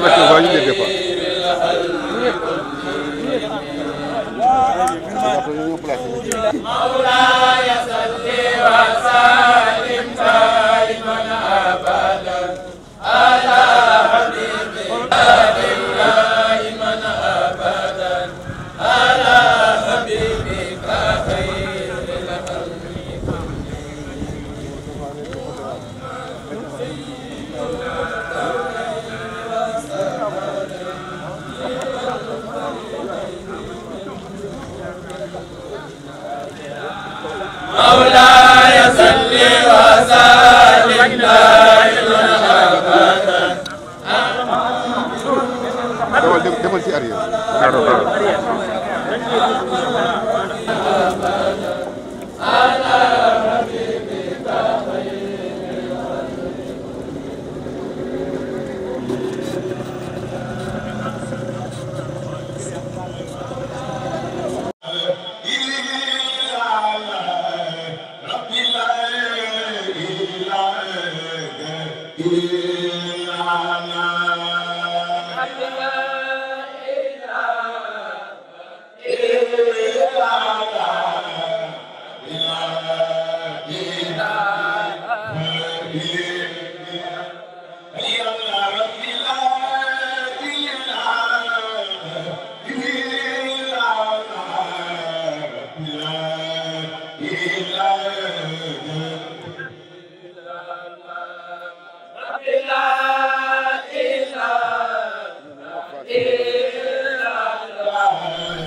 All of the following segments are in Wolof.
kilomètres yi ñu déggee quoi. مولاي صل وسلم demal ci arrière.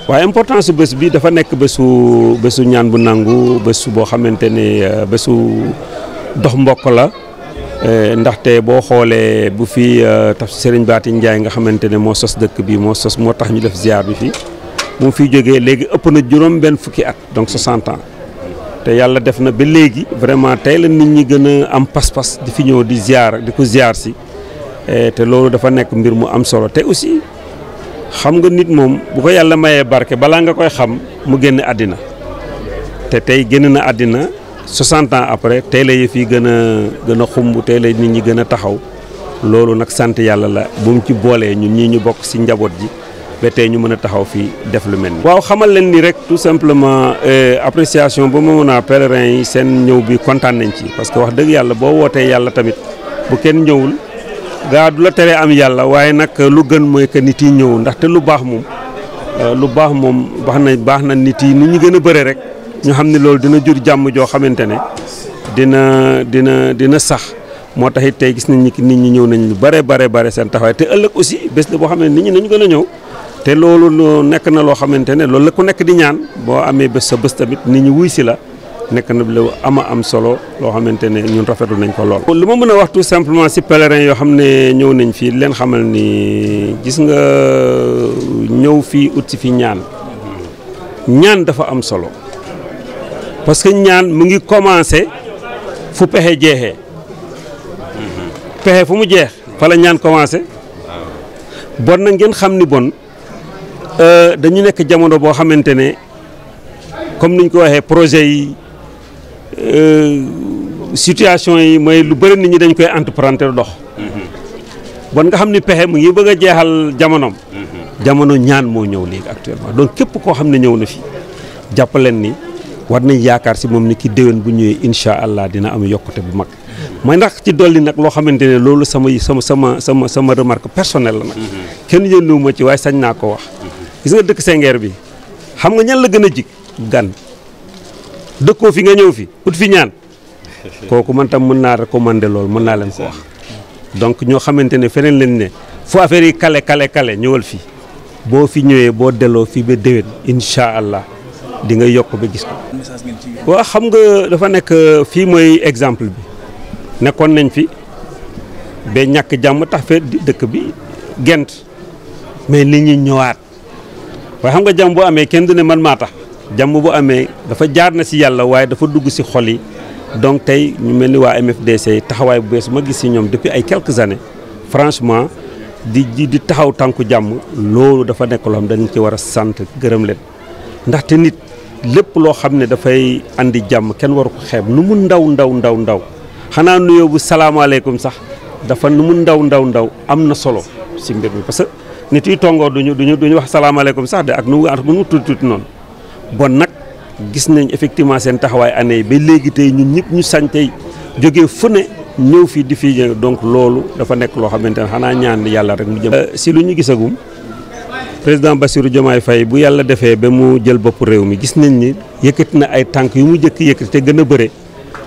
waaye importance bés bi dafa nekk bésu bésu ñaan bu nangu bésu boo xamante ne euh, bésu dox mbokk la euh, ndaxte boo xoolee bu fi euh, taf Serigne Baati Ndiaye nga xamante ne moo sos dëkk bi moo sos moo tax ñu def ziar bi fi mu fi jógee léegi ëpp na juróom benn fukki at donc 60 ans te yàlla def na ba léegi vraiment tey la nit ñi gën a am pas-pas di fi ñëw di ziar di ko ziar si te loolu dafa nekk mbir mu am solo te aussi xam nga nit moom bu ko yàlla mayee barke balaa nga koy xam mu génn àddina te tey génn na àddina 60 ans après tey la yëf yi gën a gën a xumb tey la nit ñi gën a taxaw loolu nag sant yàlla la bu mu ci boolee ñun ñii ñu bokk ci njaboot ji ba tey ñu mën a taxaw fii def lu mel ni waaw xamal leen ni rek tout simplement euh, appréciation ba ma mën a pèlerin yi seen ñëw bi kontaan nañ ci parce que wax dëgg yàlla boo wootee yàlla tamit bu kenn ñëwul. gaa du la teree am yàlla waaye nag lu gën mooy que nit yi ñëw ndaxte lu baax moom euh, lu baax moom wax na baax na nit yi ni ñu gën a bëre rek ñu xam ne loolu dina jur jàmm joo xamante ne dina dina dina sax moo tax it tey gis nañ nit ñi ñëw nañ lu bare bare bare seen taxawaay te ëllëg aussi bés boo xam ne nit ñi nañu gën a ñëw te loolu nekk na loo xamante ne loolu la ku nekk di ñaan boo amee bés sa bés tamit nit ñi wuy si la nekk na lu ama am solo loo xamante ne ñun rafetu nañ ko lool. lu ma mën a wax tout simplement si pèlerin yoo xam ne ñëw nañ fii leen xamal ni gis nga ñëw fii ut si fi ñaan ñaan dafa am solo parce que ñaan mu ngi commencé fu pexe jeexee pexe fu mu jeex fa ñaan commencé bon na ngeen xam ni bon euh, dañu nekk jamono boo xamante ne comme niñ ko waxee projet yi. Euh, situation yi mooy lu bëri nit ñi dañ koy entreprendre dox bon nga xam ni pexe mu ngi bëgg a jeexal jamonoom jamono ñaan moo ñëw léegi actuellement donc képp koo xam ne ñëw na fi jàppaleen ni war nañ yaakaar si moom ni ki déwén bu ñëwee incha allah dina am yokkute bu mag mooy ndax ci dolli nag loo xamante ne loolu sama sama sama sama sama remarque personnel la nag kenn yënduwuma ci waaye sañ naa ko wax gis nga dëkk Sengeer bi xam nga ñan la gën a jig gan dëkkoo fi nga ñëw fi ut fi ñaan kooku man tam mën naa recommander loolu mën naa leen ko wax donc ñoo xamante ne feneen leen ne fu affaire yi kale kale kale ñëwal fii boo fi ñëwee boo delloo fii ba déwén incha allah di nga yokk ba gis ko. waaw xam nga dafa nekk euh, fii mooy exemple bi nekkoon nañ fi ba ñàkk jàmm tax fe dëkk bi gent mais nit ñi ñëwaat waaye xam nga jàmm boo amee kenn du ne man maa tax. jàmm bu amee dafa jaar na si yàlla waaye dafa dugg si xol yi donc tey ñu mel ni waa MFDC taxawaay bu bees ma gis si ñoom depuis ay quelques années franchement di di taxaw tànku jàmm loolu dafa nekk loo xam war a sant gërëm leen ndaxte nit lépp loo xam ne dafay andi jàmm kenn waru ko xeeb nu mu ndaw ndaw ndaw ndaw xanaa nuyoo bu salaamaaleykum sax dafa nu mu ndaw ndaw ndaw am na solo si mbir mi parce que nit yi tongoor duñu duñu duñu wax salaamaaleykum sax de ak nu mu mu tuuti tuuti noonu bon nag gis nañ effectivement seen taxawaay année ba léegi tey ñun ñëpp ñu sañ jóge fu ne ñëw fii di fii donc loolu dafa nekk loo xamante ne xanaa ñaan yàlla rek mu jëm. Euh, si lu ñu gisagum président Bassirou Diomaye Faye bu yàlla defee ba mu jël bopp réew mi gis nañ ni yëkkati na ay tànk yu mu jëkk yëkkati te gën a bëre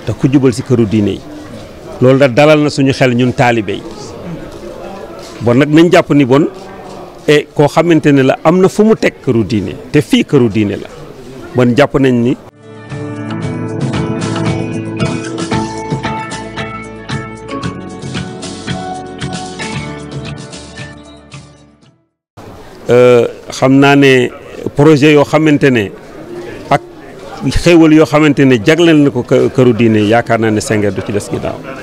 te ku jubal si këru diine yi loolu da dalal na suñu xel ñun taalibe yi bon nag nañ jàpp ni bon e koo xamante ne la am na fu mu teg këru diine te fii këru diine la. man jàpp nañ ni. Euh, xam naa ne projet yoo xamante ne ak xéewal yoo xamante ne jagleel na ko këru diine yaakaar naa ne Senghor du ci des ginnaaw.